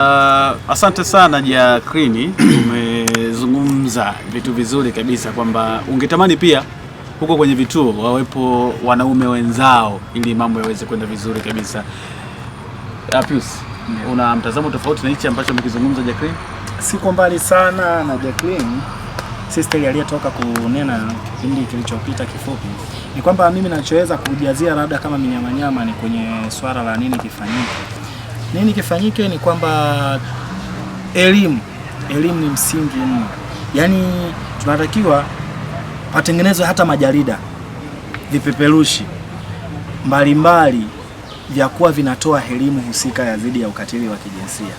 Uh, asante sana Jakrini, umezungumza vitu vizuri kabisa kwamba ungetamani pia huko kwenye vituo wawepo wanaume wenzao ili mambo yaweze kwenda vizuri kabisa. Apius, yeah. Una mtazamo tofauti na hichi ambacho mkizungumza Jacqueline? Siko mbali sana na Jacqueline. Sister aliyetoka kunena kipindi kilichopita kifupi ni kwamba mimi nachoweza kujazia labda kama minyamanyama ni kwenye swala la nini kifanyike nini kifanyike? Ni kwamba elimu, elimu ni msingi mno, yaani tunatakiwa patengenezwe hata majarida, vipeperushi mbalimbali vya kuwa vinatoa elimu husika ya dhidi ya ukatili wa kijinsia.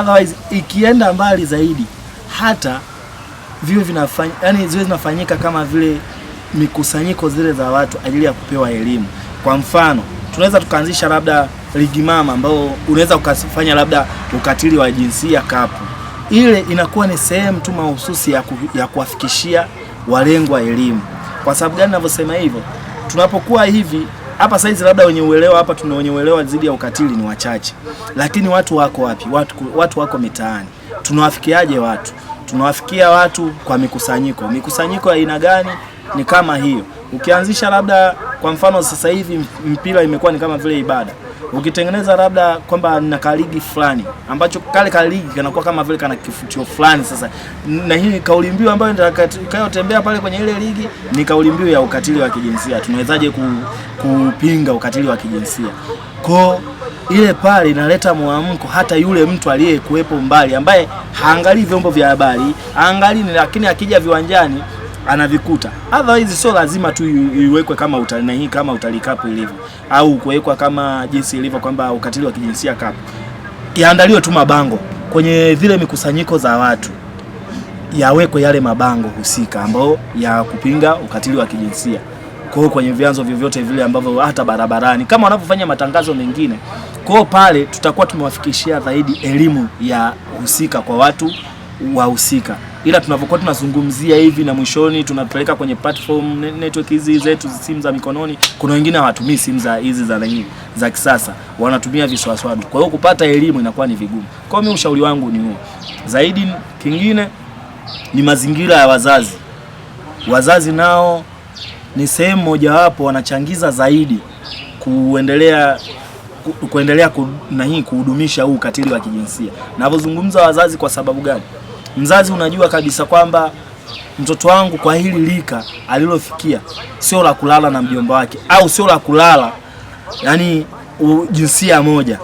Otherwise ikienda mbali zaidi, hata viwe vinafanya, yani ziwe zinafanyika kama vile mikusanyiko zile za watu ajili ya kupewa elimu. Kwa mfano tunaweza tukaanzisha labda ligi mama ambao unaweza ukafanya labda ukatili wa jinsia kapu, ile inakuwa ni sehemu tu mahususi ya, ku, ya kuwafikishia walengwa elimu. Kwa sababu gani navyosema hivyo? Tunapokuwa hivi hapa saizi, labda wenye uelewa hapa, tuna wenye uelewa zidi ya ukatili ni wachache, lakini watu wako wapi? Watu, watu wako mitaani. Tunawafikiaje watu? Tunawafikia watu kwa mikusanyiko. Mikusanyiko ya aina gani? Ni kama hiyo, ukianzisha labda kwa mfano sasa hivi mpira imekuwa ni kama vile ibada ukitengeneza labda kwamba na kaligi fulani ambacho kale kaligi kanakuwa kama vile kana kifutio fulani. Sasa na hii kauli mbiu ambayo nitakayotembea pale kwenye ile ligi ni kauli mbiu ya ukatili wa kijinsia. Tunawezaje kupinga ukatili wa kijinsia? Kwa ile pale inaleta mwamko, hata yule mtu aliyekuwepo mbali ambaye haangalii vyombo vya habari haangalii, lakini akija viwanjani anavikuta. Otherwise sio lazima tu iwekwe kama utalii hii kama utalii kapu ilivyo au kuwekwa kama jinsi ilivyo kwamba ukatili wa kijinsia kapu. Yaandaliwe tu mabango kwenye vile mikusanyiko za watu, yawekwe yale mabango husika ambayo ya kupinga ukatili wa kijinsia kwa kwenye vyanzo vyovyote vile ambavyo hata barabarani kama wanavyofanya matangazo mengine. Kwa pale tutakuwa tumewafikishia zaidi elimu ya husika kwa watu wahusika ila tunavyokuwa tunazungumzia hivi na mwishoni tunapeleka kwenye platform network hizi zetu simu za mikononi, kuna wengine hawatumii simu za hizi za nini za kisasa, wanatumia viswaswadu. Kwa hiyo kupata elimu inakuwa ni vigumu. Kwa hiyo mimi ushauri wangu ni huo zaidi. Kingine ni mazingira ya wazazi. Wazazi nao ni sehemu mojawapo wanachangiza zaidi kuendelea kuendelea ku, na hii kuhudumisha huu ukatili wa kijinsia. Navyozungumza wazazi kwa sababu gani? Mzazi unajua kabisa kwamba mtoto wangu kwa hili lika alilofikia sio la kulala na mjomba wake, au sio la kulala yani jinsia moja.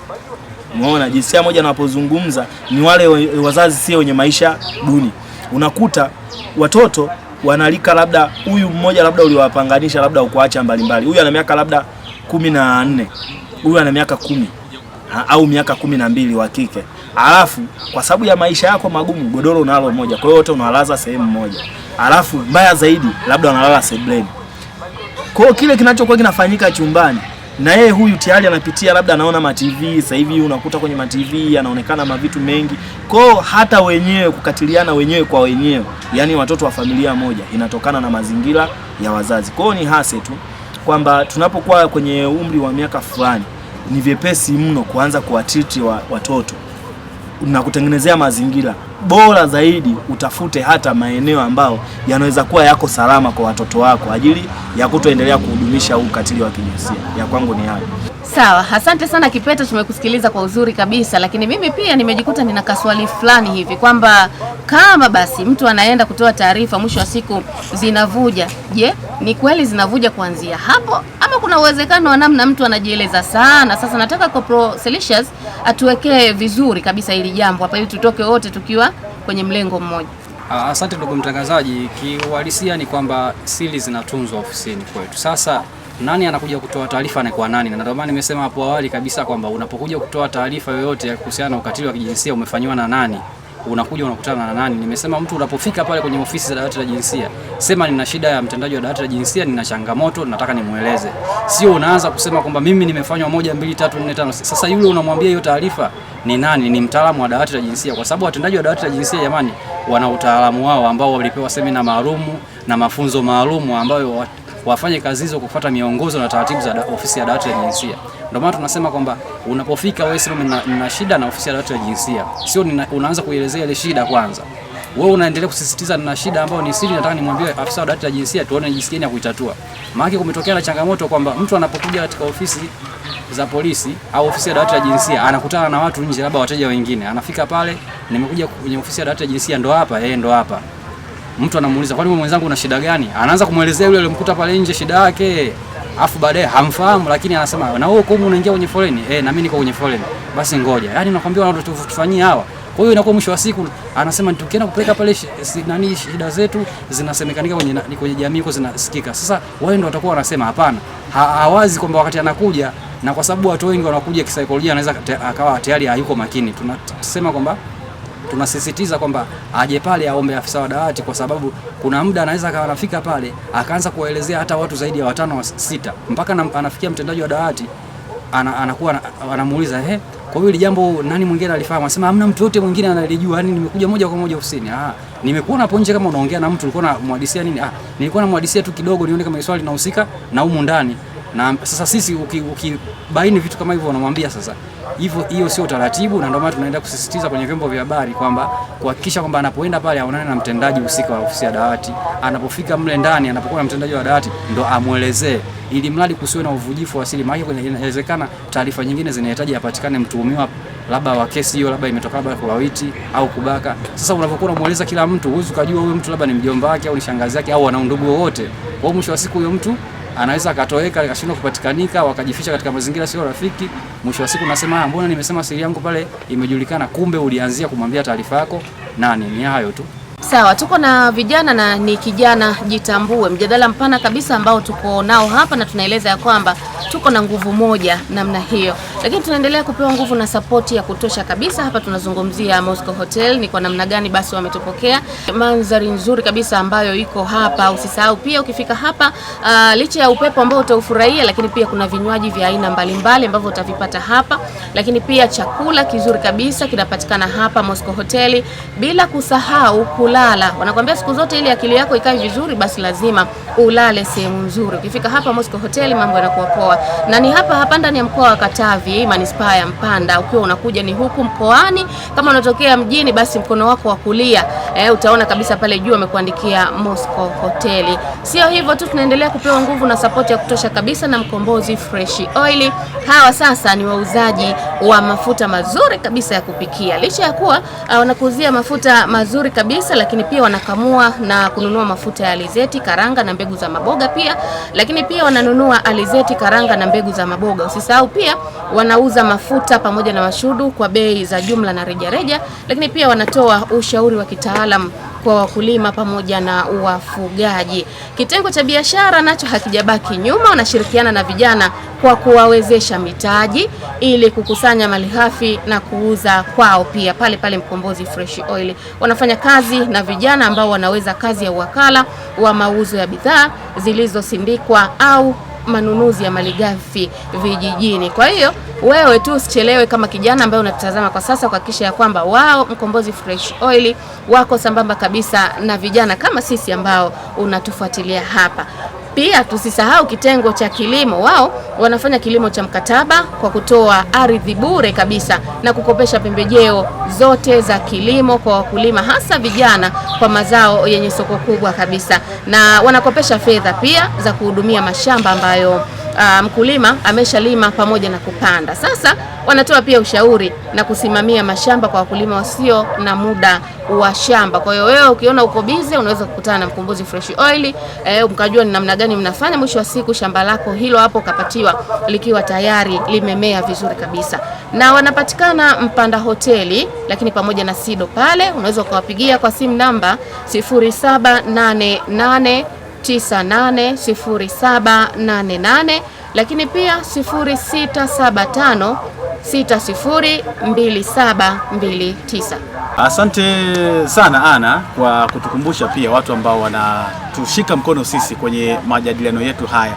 Umeona, jinsia moja anapozungumza ni wale wazazi sio wenye maisha duni. Unakuta watoto wanalika labda huyu mmoja labda uliwapanganisha labda ukuacha mbalimbali, huyu ana miaka labda kumi na nne huyu ana miaka kumi au miaka kumi na mbili wa kike Alafu kwa sababu ya maisha yako magumu, godoro unalo moja, kwa hiyo wote unalaza sehemu moja. Alafu mbaya zaidi, labda unalala sebleni. Kwa hiyo kile kinachokuwa kinafanyika chumbani na yeye huyu tayari anapitia, labda anaona ma TV sasa hivi, unakuta kwenye ma TV anaonekana mavitu mengi kwao, hata wenyewe kukatiliana wenyewe kwa wenyewe, yani watoto wa familia moja, inatokana na mazingira ya wazazi. Kwao ni hase tu kwamba tunapokuwa kwenye umri wa miaka fulani, ni vyepesi mno kuanza kuwatriti wa, watoto na kutengenezea mazingira bora zaidi, utafute hata maeneo ambayo yanaweza kuwa yako salama kwa watoto wako ajili ya kutoendelea kuhudumisha huu ukatili wa kijinsia. Ya kwangu ni hayo. Sawa, asante sana Kipeta, tumekusikiliza kwa uzuri kabisa, lakini mimi pia nimejikuta nina kaswali fulani hivi kwamba kama basi mtu anaenda kutoa taarifa, mwisho wa siku zinavuja. Je, ni kweli zinavuja kuanzia hapo kama kuna uwezekano wa namna mtu anajieleza sana. Sasa nataka Kopro Selicious atuwekee vizuri kabisa hili jambo hapa, ili tutoke wote tukiwa kwenye mlengo mmoja. Ah, asante ndugu mtangazaji. Kiuhalisia ni kwamba siri zinatunzwa ofisini kwetu. Sasa nani anakuja kutoa taarifa na kwa nani? Na ndio maana nimesema hapo awali kabisa kwamba unapokuja kutoa taarifa yoyote ya kuhusiana na ukatili wa kijinsia umefanyiwa na nani, unakuja unakutana na nani? Nimesema mtu unapofika pale kwenye ofisi za dawati la jinsia, sema nina shida ya mtendaji wa dawati la jinsia, nina changamoto, nataka nimueleze. Sio unaanza kusema kwamba mimi nimefanywa moja, mbili, tatu, nne, tano. Sasa yule unamwambia hiyo taarifa ni nani? Ni mtaalamu wa dawati la jinsia, kwa sababu watendaji wa dawati la jinsia jamani, wana utaalamu wao ambao walipewa semina maalumu na mafunzo maalumu ambayo wafanye kazi hizo kufuata miongozo na taratibu za ofisi ya dawati la jinsia. Ndio maana tunasema kwamba unapofika wewe sema nina, nina shida na ofisi ya dawati la jinsia, sio unaanza kuelezea ile shida kwanza. Wewe unaendelea kusisitiza na shida ambayo ni siri, nataka nimwambie afisa wa dawati la jinsia tuone jinsi gani ya kuitatua. Maana kumetokea na changamoto kwamba mtu anapokuja katika ofisi za polisi au ofisi ya dawati la jinsia anakutana na watu nje, labda wateja wengine, anafika pale, nimekuja kwenye ofisi ya dawati la jinsia, ndo hapa yeye, ndo hapa mtu anamuuliza kwani mwenzangu una shida gani? Anaanza kumwelezea yule aliyemkuta pale nje shida yake, afu baadaye hamfahamu, lakini anasema na wewe uko unaingia kwenye foleni eh, na mimi niko kwenye foleni, basi ngoja. Yani nakwambia watu tufanyie hawa. Kwa hiyo inakuwa mwisho wa siku anasema tukienda kupeleka pale nani, shida zetu zinasemekanika kwenye ni kwenye jamii huko zinasikika. Sasa wao ndio watakuwa wanasema hapana, hawazi kwamba wakati anakuja, na kwa sababu watu wengi wanakuja kisaikolojia, anaweza akawa tayari hayuko makini. Tunasema kwamba tunasisitiza kwamba aje pale aombe afisa wa dawati, kwa sababu kuna muda anaweza akawa anafika pale akaanza kuwaelezea hata watu zaidi ya watano wa sita, mpaka anafikia mtendaji wa dawati ana, anakuwa anamuuliza he, eh, kwa hiyo jambo nani mwingine alifahamu? Anasema hamna mtu yote mwingine analijua, yani nimekuja moja kwa moja ofisini. Ah, nimekuona hapo nje kama unaongea na mtu, ulikuwa na unamhadisia nini? Ah, nilikuwa na namhadisia tu kidogo nione kama swali linahusika na humu ndani. Na sasa sisi ukibaini uki, vitu kama hivyo unamwambia sasa Hivyo hiyo sio utaratibu, na ndio maana tunaenda kusisitiza kwenye vyombo vya habari kwamba kuhakikisha kwamba anapoenda pale aonane na mtendaji husika wa ofisi ya dawati, anapofika mle ndani, anapokuwa na mtendaji wa dawati ndo amwelezee, ili mradi kusiwe na uvujifu wa siri, maana inawezekana taarifa nyingine zinahitaji apatikane mtuhumiwa labda wa kesi hiyo, labda imetoka labda kulawiti au kubaka. Sasa unapokuwa unamueleza kila mtu, huwezi ukajua huyo mtu labda ni mjomba wake au ni shangazi yake au ana ndugu wowote, kwa mwisho wa siku huyo mtu anaweza akatoweka akashindwa kupatikanika, wakajificha katika mazingira sio rafiki. Mwisho wa siku nasema ah, mbona nimesema siri yangu pale imejulikana, kumbe ulianzia kumwambia taarifa yako nani? Ni hayo tu. Sawa, tuko na vijana na ni kijana jitambue, mjadala mpana kabisa ambao tuko nao hapa, na tunaeleza ya kwamba tuko na nguvu moja namna hiyo lakini tunaendelea kupewa nguvu na sapoti ya kutosha kabisa. Hapa tunazungumzia Moscow Hotel, ni kwa namna gani basi wametupokea, mandhari nzuri kabisa ambayo iko hapa. Usisahau pia ukifika hapa uh, licha ya upepo ambao utaufurahia, lakini pia kuna vinywaji vya aina mbalimbali ambavyo utavipata hapa, lakini pia chakula kizuri kabisa kinapatikana hapa Moscow Hotel, bila kusahau kulala. Wanakuambia siku zote ili akili yako ikae vizuri, basi lazima ulale sehemu nzuri. Ukifika hapa Moscow Hotel, mambo yanakuwa poa, na ni hapa hapa ndani ya mkoa wa Katavi hivi manispaa ya Mpanda, ukiwa unakuja ni huku mkoani. Kama unatokea mjini, basi mkono wako wa kulia e, utaona kabisa pale juu amekuandikia Moscow Hoteli. Sio hivyo tu, tunaendelea kupewa nguvu na sapoti ya kutosha kabisa na Mkombozi Fresh Oil. Hawa sasa ni wauzaji wa mafuta mazuri kabisa ya kupikia, licha ya kuwa uh, wanakuuzia mafuta mazuri kabisa, lakini pia wanakamua na kununua mafuta ya alizeti, karanga na mbegu za maboga pia, lakini pia wananunua alizeti, karanga na mbegu za maboga. Usisahau pia wanauza mafuta pamoja na mashudu kwa bei za jumla na rejareja, lakini pia wanatoa ushauri wa kitaalamu kitaalam kwa wakulima pamoja na wafugaji. Kitengo cha biashara nacho hakijabaki nyuma, wanashirikiana na vijana kwa kuwawezesha mitaji ili kukusanya malighafi na kuuza kwao pia pale pale Mkombozi Fresh Oil. Wanafanya kazi na vijana ambao wanaweza kazi ya wakala wa mauzo ya bidhaa zilizosindikwa au manunuzi ya malighafi vijijini. Kwa hiyo wewe tu usichelewe kama kijana ambaye unatazama kwa sasa, kuhakikisha ya kwamba wao Mkombozi Fresh Oil wako sambamba kabisa na vijana kama sisi ambao unatufuatilia hapa. Pia tusisahau kitengo cha kilimo. Wao wanafanya kilimo cha mkataba kwa kutoa ardhi bure kabisa na kukopesha pembejeo zote za kilimo kwa wakulima, hasa vijana, kwa mazao yenye soko kubwa kabisa, na wanakopesha fedha pia za kuhudumia mashamba ambayo uh, mkulima ameshalima pamoja na kupanda. Sasa wanatoa pia ushauri na kusimamia mashamba kwa wakulima wasio na muda wa shamba. Kwa hiyo wewe ukiona uko busy, unaweza kukutana na Mkombozi Fresh Oil eh, mkajua ni namna gani mnafanya. Mwisho wa siku shamba lako hilo hapo ukapatiwa likiwa tayari limemea vizuri kabisa, na wanapatikana Mpanda Hoteli lakini pamoja na Sido pale, unaweza ukawapigia kwa simu namba 07888 980788 lakini pia 0675 Asante sana Ana kwa kutukumbusha pia watu ambao wanatushika mkono sisi kwenye majadiliano yetu haya.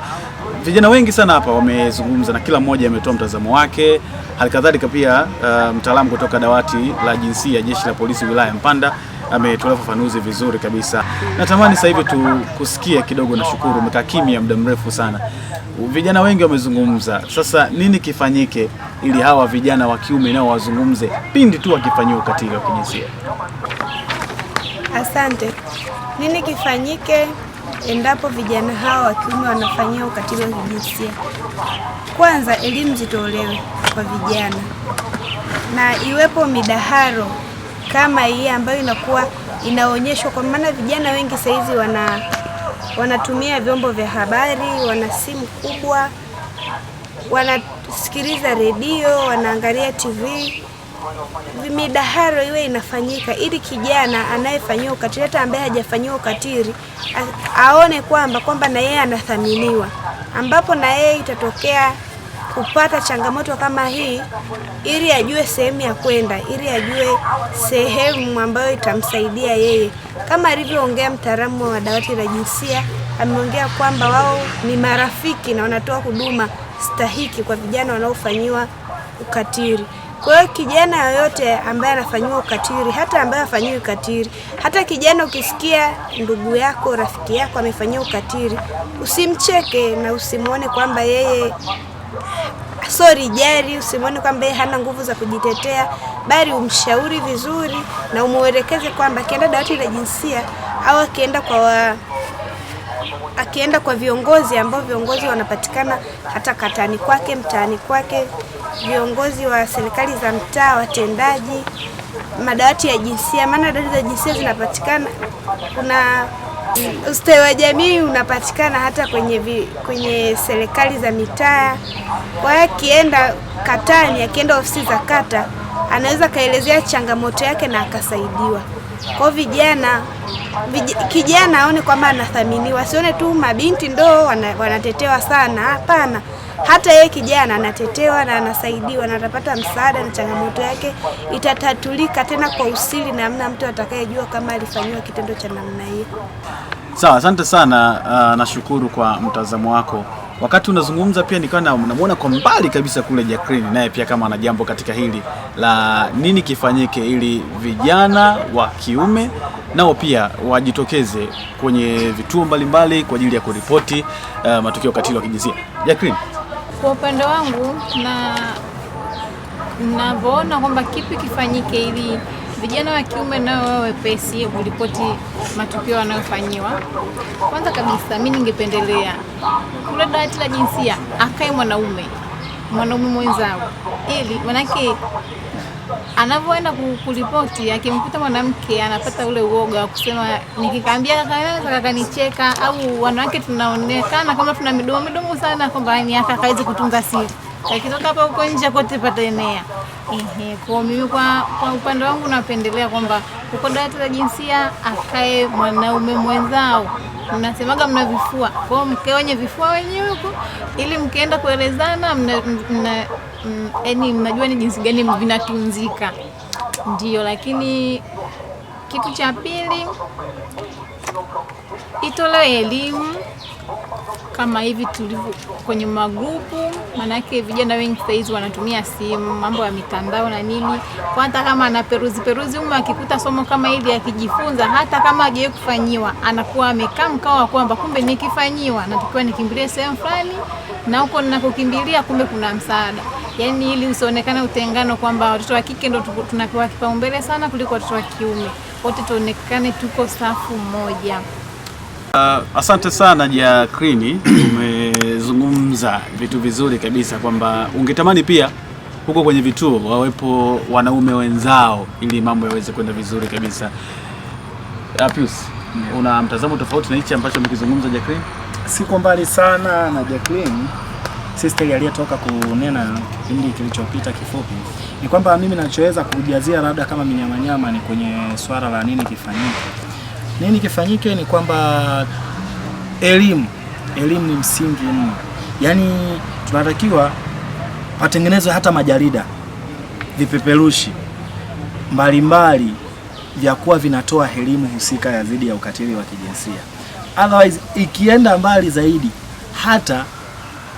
Vijana wengi sana hapa wamezungumza na kila mmoja ametoa mtazamo wake. Halikadhalika pia uh, mtaalamu kutoka dawati la jinsia ya Jeshi la Polisi wilaya Mpanda ametolea ufafanuzi vizuri kabisa. Natamani sasa hivi tukusikie kidogo. Nashukuru umekaa kimya muda mrefu sana, vijana wengi wamezungumza. Sasa nini kifanyike ili hawa vijana wa kiume nao wazungumze pindi tu wakifanyiwa ukatili wa kijinsia? Asante. Nini kifanyike endapo vijana hawa wa kiume wanafanyia ukatili wa kijinsia? Kwanza elimu zitolewe kwa vijana na iwepo midaharo kama hii ambayo inakuwa inaonyeshwa, kwa maana vijana wengi hizi wana wanatumia vyombo vya habari, wana simu kubwa, wanasikiliza redio, wanaangalia TV. Midaharo iwe inafanyika ili kijana anayefanyiwa ukatili, hata ambaye hajafanyiwa ukatili, aone kwamba kwamba na yeye anathaminiwa, ambapo na yeye itatokea kupata changamoto kama hii, ili ajue sehemu ya kwenda, ili ajue sehemu ambayo itamsaidia yeye, kama alivyoongea mtaalamu wa dawati la jinsia. Ameongea kwamba wao ni marafiki na wanatoa huduma stahiki kwa vijana wanaofanyiwa ukatili. Kwa hiyo kijana yoyote ambaye anafanyiwa ukatili, hata ambaye afanyiwi ukatili, hata kijana ukisikia ndugu yako, rafiki yako amefanyiwa ukatili, usimcheke na usimwone kwamba yeye Sorry Jerry, usimwone kwamba yeye hana nguvu za kujitetea, bali umshauri vizuri na umuelekeze kwamba akienda dawati la jinsia au akienda kwa wa, akienda kwa viongozi ambao viongozi wanapatikana hata katani kwake, mtaani kwake, viongozi wa serikali za mtaa, watendaji, madawati ya jinsia, maana dawati za jinsia zinapatikana kuna Ustawi wa jamii unapatikana hata kwenye, vi, kwenye serikali za mitaa. Kwa hiyo akienda katani, akienda ofisi za kata, anaweza akaelezea changamoto yake na akasaidiwa. Kwa vijana vij, kijana aone kwamba anathaminiwa, asione tu mabinti ndo wanatetewa sana, hapana hata yeye kijana anatetewa na anasaidiwa na atapata msaada na changamoto yake itatatulika tena kwa usiri, na mtu atakayejua kama alifanyiwa kitendo cha namna hiyo. Sawa, asante sana. Uh, nashukuru kwa mtazamo wako. Wakati unazungumza pia nikawa namuona kwa mbali kabisa kule Jacqueline, naye pia kama ana jambo katika hili la nini kifanyike ili vijana wa kiume nao pia wajitokeze kwenye vituo mbalimbali kwa ajili ya kuripoti uh, matukio katili wa kijinsia. Jacqueline. Kwa upande wangu na navyoona kwamba kipi kifanyike ili vijana wa kiume nao wawe wepesi kuripoti matukio wanayofanyiwa. Kwanza kabisa, mimi ningependelea kule dawati la jinsia akae mwanaume mwanaume mwenzao, ili manake anavyoenda kuripoti, akimkuta mwanamke anapata ule uoga wa kusema, nikikwambia kaka kakanicheka, au wanawake tunaonekana kama tuna midomo midomo sana, kwamba ni aka kawezi kutunza siri, akitoka hapa huko nje kote pataenea. Ehe, kwa mimi kwa, kwa upande wangu napendelea kwamba uko dawati la jinsia akae mwanaume mwenzao mnasemaga mna vifua kwao, mke wenye vifua wenyewe huko, ili mkienda kuelezana mna, mna, mm, mnajua ni jinsi gani vinatunzika. Ndio, lakini kitu cha pili itolewe elimu kama hivi tulivyo kwenye magrupu, manake vijana wengi sasa hizi wanatumia simu, mambo ya mitandao na nini. Kwa hata kama ana peruzi peruzi akikuta somo kama hivi akijifunza, hata kama hajawe kufanyiwa, anakuwa amekaa mkao wa kwamba kumbe nikifanyiwa natakiwa nikimbilie sehemu fulani, na huko ninakokimbilia kumbe kuna msaada. Yaani ili usionekane utengano kwamba watoto wa kike ndio tunapewa kipaumbele sana kuliko watoto wa kiume, wote tuonekane tuko safu moja. Uh, asante sana Jacqueline, umezungumza vitu vizuri kabisa kwamba ungetamani pia huko kwenye vituo wawepo wanaume wenzao ili mambo yaweze kwenda vizuri kabisa. Apius, yeah. Una mtazamo tofauti na hichi ambacho mkizungumza Jacqueline? Siko mbali sana na Jacqueline. Sister aliyetoka kunena kipindi kilichopita kifupi ni kwamba mimi nachoweza kujazia labda kama minyamanyama ni kwenye swala la nini kifanyike nini kifanyike? Ni kwamba elimu, elimu ni msingi mno, yaani tunatakiwa patengenezwe hata majarida, vipeperushi mbalimbali vya kuwa vinatoa elimu husika ya dhidi ya ukatili wa kijinsia. Otherwise ikienda mbali zaidi hata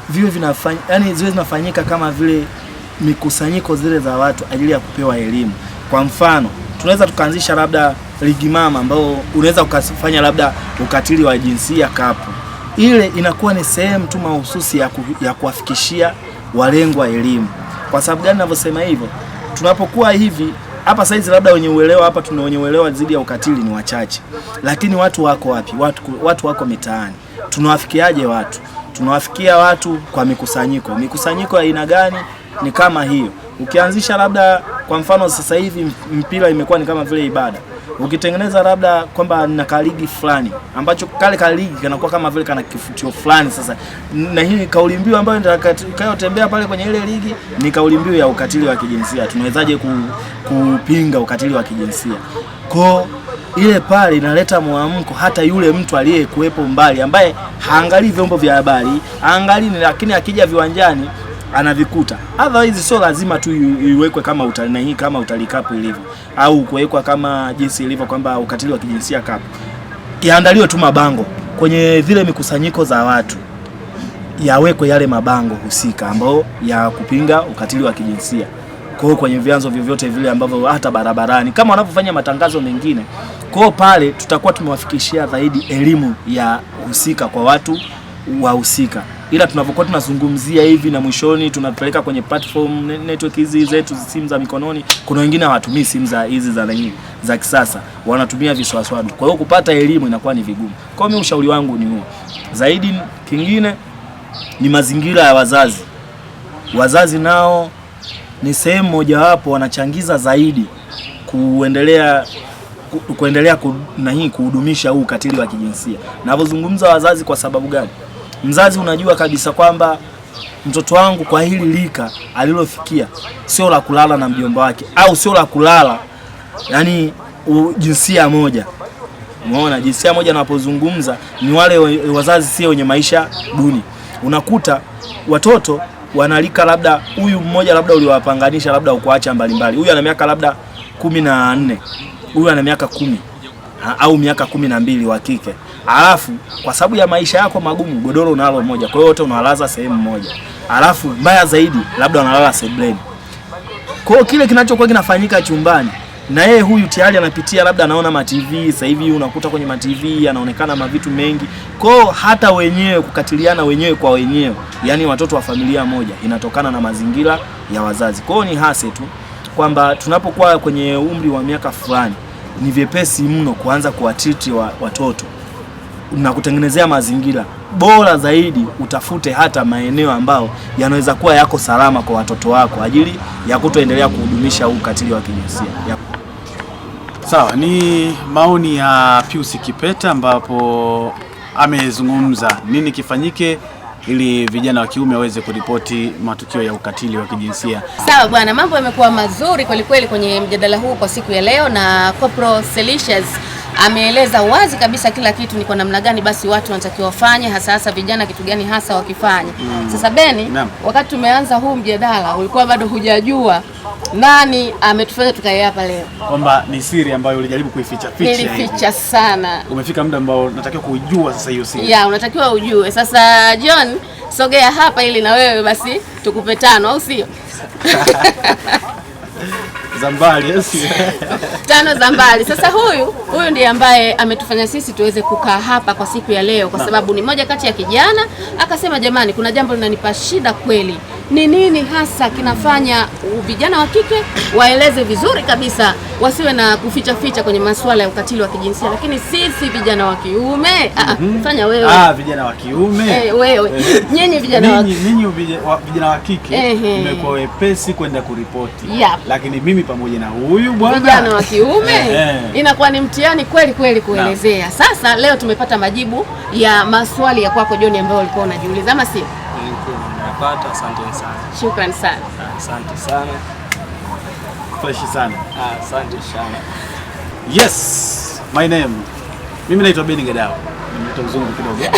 vile vinafanya, yani ziwe zinafanyika kama vile mikusanyiko zile za watu ajili ya kupewa elimu. Kwa mfano tunaweza tukaanzisha labda ligi mama ambayo unaweza ukafanya labda ukatili wa jinsia kapu, ile inakuwa ni sehemu tu mahususi ya, ku, ya kuwafikishia walengwa elimu. Kwa sababu gani navyosema hivyo? Tunapokuwa hivi hapa saizi, labda wenye uelewa hapa, tuna wenye uelewa dhidi ya ukatili ni wachache, lakini watu wako wapi? Watu, watu wako mitaani. Tunawafikiaje watu? Tunawafikia watu kwa mikusanyiko. Mikusanyiko ya aina gani? Ni kama hiyo, ukianzisha labda kwa mfano sasa hivi mpira imekuwa ni kama vile ibada. Ukitengeneza labda kwamba na kaligi fulani ambacho kale kaligi kanakuwa kama vile kana kifutio fulani sasa, na hii kauli mbiu ambayo nitakayotembea pale kwenye ile ligi ni kauli mbiu ya ukatili wa kijinsia. Tunawezaje kupinga ukatili wa kijinsia? Kwa ile pale inaleta mwamko hata yule mtu aliyekuwepo mbali ambaye haangalii vyombo vya habari, haangalii, lakini akija viwanjani anavikuta. Otherwise sio lazima tu iwekwe kama utalii kama utalii kapu ilivyo au kuwekwa kama jinsi ilivyo kwamba ukatili wa kijinsia kapu. Yaandaliwe tu mabango kwenye vile mikusanyiko za watu, yawekwe yale mabango husika ambayo ya kupinga ukatili wa kijinsia. Kwa hiyo kwenye vyanzo vyovyote vile ambavyo hata barabarani kama wanavyofanya matangazo mengine. Kwa hiyo pale tutakuwa tumewafikishia zaidi elimu ya husika kwa watu wahusika ila tunavyokuwa tunazungumzia hivi na mwishoni tunapeleka kwenye platform network hizi zetu simu za mikononi, kuna wengine hawatumii simu za hizi za nini za kisasa, wanatumia viswaswadu. Kwa hiyo kupata elimu inakuwa ni vigumu. Kwa hiyo ushauri wangu ni huo zaidi. Kingine ni mazingira ya wazazi. Wazazi nao ni sehemu mojawapo wanachangiza zaidi kuendelea ku, kuendelea ku, kuhudumisha huu ukatili wa kijinsia. Navyozungumza wazazi kwa sababu gani? Mzazi unajua kabisa kwamba mtoto wangu kwa hili lika alilofikia sio la kulala na mjomba wake au sio la kulala yani jinsia moja. Umeona, jinsia moja anapozungumza ni wale wazazi sio wenye maisha duni. Unakuta watoto wanalika labda huyu mmoja labda uliwapanganisha labda ukuacha mbalimbali, huyu ana miaka labda kumi na nne huyu ana miaka kumi au miaka kumi na mbili wa kike alafu kwa sababu ya maisha yako magumu, godoro unalo moja, kwa hiyo wote unalaza sehemu moja, alafu mbaya zaidi, labda unalala sebleni. Kwa hiyo kile kinachokuwa kinafanyika chumbani na yeye huyu tayari anapitia, labda anaona ma TV sasa hivi, unakuta kwenye ma TV anaonekana mavitu mengi Kwa hiyo hata wenyewe kukatiliana wenyewe kwa wenyewe, yani watoto wa familia moja, inatokana na mazingira ya wazazi. Kwa hiyo ni hase tu kwamba tunapokuwa kwenye umri wa miaka fulani, ni vyepesi mno kuanza kuwatriti wa, watoto na kutengenezea mazingira bora zaidi, utafute hata maeneo ambayo yanaweza kuwa yako salama kwa watoto wako ajili ya kutoendelea kuhudumisha huu ukatili wa kijinsia. Sawa, ni maoni ya Pius Kipeta ambapo amezungumza nini kifanyike ili vijana wa kiume waweze kuripoti matukio ya ukatili wa kijinsia. Sawa bwana, mambo yamekuwa mazuri kwelikweli kwenye mjadala huu kwa siku ya leo na Corporal Selicious ameeleza wazi kabisa kila kitu ni kwa namna gani basi watu wanatakiwa wafanye, hasa hasa vijana, kitu gani hasa wakifanya mm. Sasa Beni, wakati tumeanza huu mjadala ulikuwa bado hujajua nani ametufanya tukae hapa leo, kwamba ni siri ambayo ulijaribu kuificha ficha. Nilificha sana, umefika muda ambao natakiwa kuijua sasa hiyo siri. Ya, unatakiwa ujue sasa. John, sogea hapa ili na wewe basi tukupe tano, au sio? za mbali tano za mbali. Sasa huyu huyu ndiye ambaye ametufanya sisi tuweze kukaa hapa kwa siku ya leo, kwa sababu ni moja kati ya kijana akasema, jamani, kuna jambo linanipa shida kweli ni nini hasa kinafanya vijana wa kike waeleze vizuri kabisa, wasiwe na kuficha ficha kwenye masuala ya ukatili wa kijinsia, lakini sisi vijana wa kiume ah, ah, mhm. fanya wewe. Ah, vijana wa kiume eh, wewe, eh. nyinyi vijana wa kike eh, mmekuwa wepesi kwenda kuripoti, lakini mimi pamoja na huyu bwana vijana wa kiume inakuwa ni mtihani kweli kweli kuelezea. Sasa leo tumepata majibu ya maswali ya kwako John, ambayo ulikuwa unajiuliza ama sio? nimepata. Asante sana. Shukrani sana. Asante sana. Freshi sana. Ah, asante sana. Yes, my name. Mimi naitwa Beni Ngedao. Nimeitwa mzungu kidogo.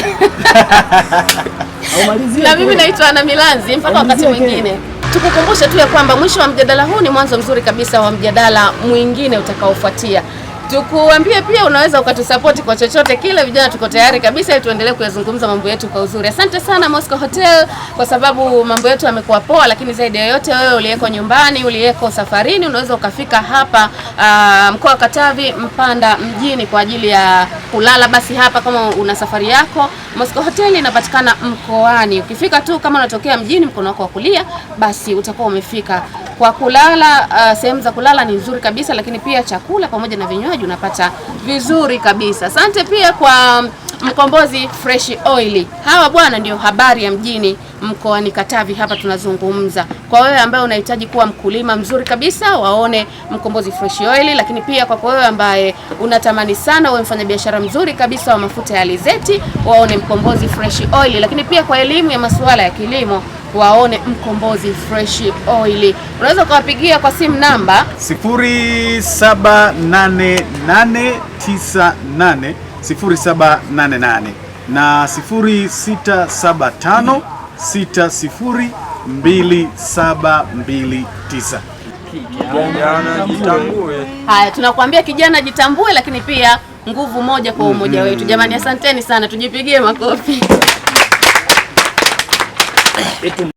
Na mimi naitwa Ana Milanzi mpaka wakati mwingine. Tukukumbushe tu ya kwamba mwisho wa mjadala huu ni mwanzo mzuri kabisa wa mjadala mwingine utakaofuatia tukuambie pia unaweza ukatusapoti kwa chochote kile. Vijana tuko tayari kabisa, ili tuendelee kuyazungumza mambo yetu kwa uzuri. Asante sana Moscow Hotel kwa sababu mambo yetu yamekuwa poa, lakini zaidi ya yote wewe uliyeko nyumbani, uliyeko safarini, unaweza ukafika hapa uh, mkoa wa Katavi Mpanda mjini kwa ajili ya kulala. Basi hapa kama una safari yako Moscow Hotel inapatikana mkoani. Ukifika tu kama unatokea mjini, mkono wako wa kulia, basi utakuwa umefika. Kwa kulala, uh, sehemu za kulala ni nzuri kabisa, lakini pia chakula pamoja na vinywaji unapata vizuri kabisa. Asante pia kwa um, Mkombozi Fresh Oil. Hawa bwana, ndio habari ya mjini mkoani Katavi hapa tunazungumza. Kwa wewe ambaye unahitaji kuwa mkulima mzuri kabisa, waone Mkombozi Fresh Oil, lakini pia kwa wewe ambaye unatamani sana uwe mfanyabiashara mzuri kabisa wa mafuta ya alizeti, waone Mkombozi Fresh Oil, lakini pia kwa elimu ya masuala ya kilimo waone Mkombozi Fresh Oil. Unaweza ukawapigia kwa simu namba 0788989078 na 0675 60279. Kijana jitambue. Haya, tunakuambia kijana jitambue, lakini pia nguvu moja kwa umoja mm -hmm. wetu. Jamani, asanteni sana, tujipigie makofi.